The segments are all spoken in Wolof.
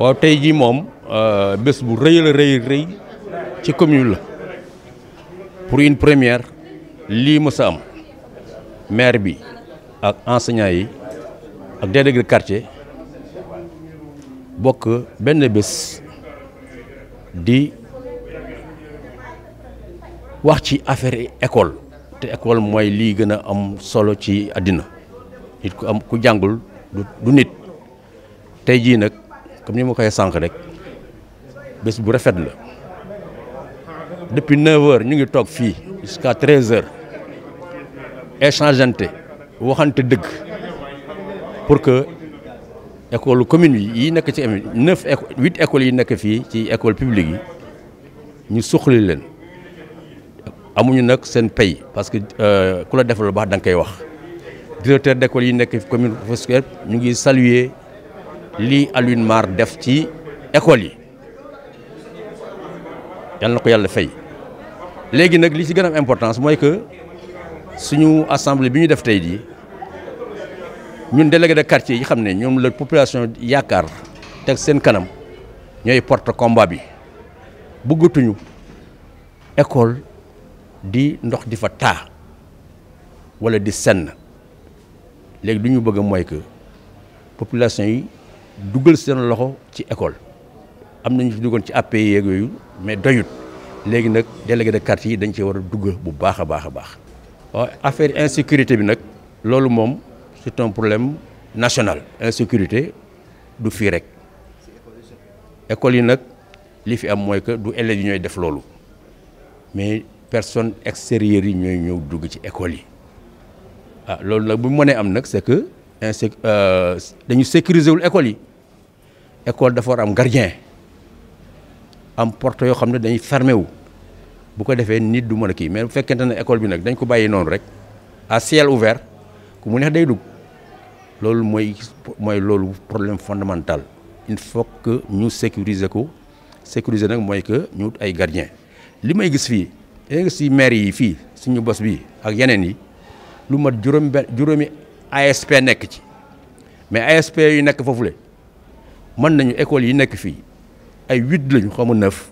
waaw tey jii moom euh, bés bu rëy la rëy rëy ci commune la pour une première lii mës am maire bi ak enseignants yi ak délégué de quartier bokk benn bés di wax ci affaire école te école mooy lii gën a am solo ci àddina nit ku am ku jàngul du nit tey jii nag. comme ni ma koy sànq rek bés bu rafet la depuis 9h nous ngi toog fii jusqu'à 13h nous waxante dëgg pour que école commune yi yi nekk ci am neuf écoles yi nekk fii ci école publique yi ñu suqali leen amuñu nag seen pay parce que euh, la defal lu baax wax directeur d'école yi nekk commune nous ñu ngi saluer li alune Mar def ci école yi yalla na ko yàlla fay léegi nak li ci gëna am importance moy que suñu assemblée bi ñu def tay di ñun délégué de quartier yi xamné ñom la population yaakaar tek seen kanam ñoy porte combat bi bëggatuñu école di ndox di fa ta wala di sen léegi duñu bëgg moy que population yi duggal seen loxo ci école am nañu fi duggoon ci APE yeeg yoyu mais doyut légui nak délégué de quartier dañ ci wara a bu baax a baax affaire insécurité bi nak lolu mom c'est un problème national. insécurité du fi rek école yi nak li fi am moy que du élèves ñoy def lolu mais personne extérieure ñoy ñooy ñëw dugg ci école yi ah lolu nag bu mu am nak c'est que euh, dañu sécuriser wul école yi école dafa war am gardien am porte yo xam dañuy fermé wu bu ko défé nit du mën a mais bu fekkente ne école bi nak dañ ko bayyi noonu rek à ciel ouvert ku mu neex day dugg loolu moy moy loolu problème fondamental il faut que ñu sécuriser ko sécuriser nak moy que ñu ay gardien limay may gis fii li si maire yi fi suñu boss bi ak yenen yi lu mat juroom juroomi ASP nekk ci mais ASP yi nekk foofule man nañu école yi nekk fii ay huit lañu xaw neuf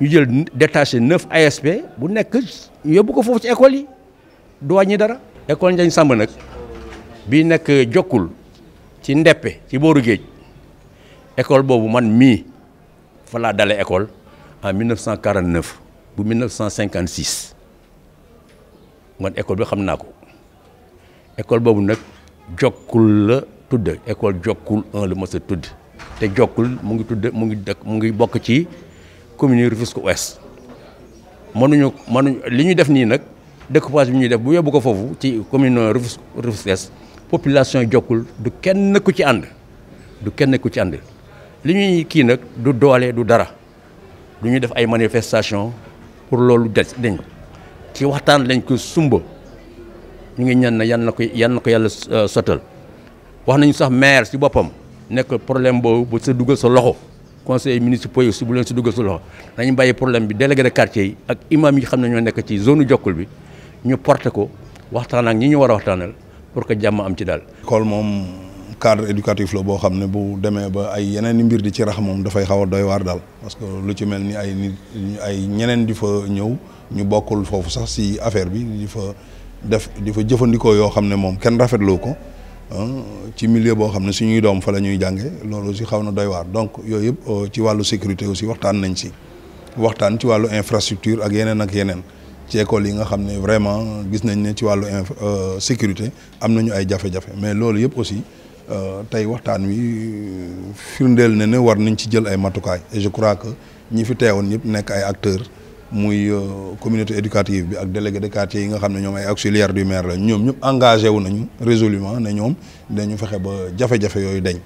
ñu jël détaché 9 ASP bu nekk yóbbu ko foofu ci école yi du dara. école a samb nag Il nekk A ci Ndeppe ci booru géej école boobu man mii fa laa école en 1949 bu 1956 man école bi école la école un te jokkul mu ngi tudd mu ngi dëkk mu ngi bokk ci commune Rufisque Ouest mënuñu mënuñu li ñu def nii nag découpage bi ñuy def bu yóbbu ko foofu ci commune Rufisque Rufisque Ouest population jokkul du kenn ku ci ànd du kenn ku ci ànd li ñuy kii nag du doole du dara du ñu def ay manifestation pour loolu des dañ ci waxtaan lañ ko sumba ñu ngi ñaan na yan na ko yan ko yàlla euh, sottal wax nañu sax maire ci boppam nekk problème boobu bu sa dugal sa loxo conseil ministre yi su bu leen si dugal sa loxo dañu bàyyi problème bi délégué de quartier yi ak imam yi xam ne ñoo nekk ci zone jokkul bi ñu porté ko waxtaan ak ñi ñu war a waxtaanal pour que jàmm am ci daal. école moom cadre éducatif boo xam ne bu demee ba ay yeneen mbir di ci rax moom dafay xaw a doy waar daal parce que lu ci mel ni ay nit ay ñeneen di fa ñëw ñu bokkul foofu sax si affaire bi di fa def di fa jëfandikoo yoo xam ne moom kenn rafetloo ko. Hein, ci milieu bo xam suñuy doom fa lañuy jàngé loolu euh, ci xawna doy war donc yoyep ci walu sécurité aussi waxtaan nañ ci waxtaan ci walu infrastructure ak yenen ak yenen ci école yi nga xam vraiment gis nañ ne ci walu euh, sécurité am nañu ay jafé jafé mais loolu yep aussi euh, tay waxtaan wi firndel na ne war nañ ci jël ay matukaay et je crois que ñi fi teewoon ñëpp nek ay acteurs muy euh, communauté éducative bi ak délégué de quartier yi nga xam ne ñoom ay auxiliaires du maire la ñoom ñëpp engagé wu nañu résolument ne ñoom dañu fexe ba jafe-jafe yooyu dañ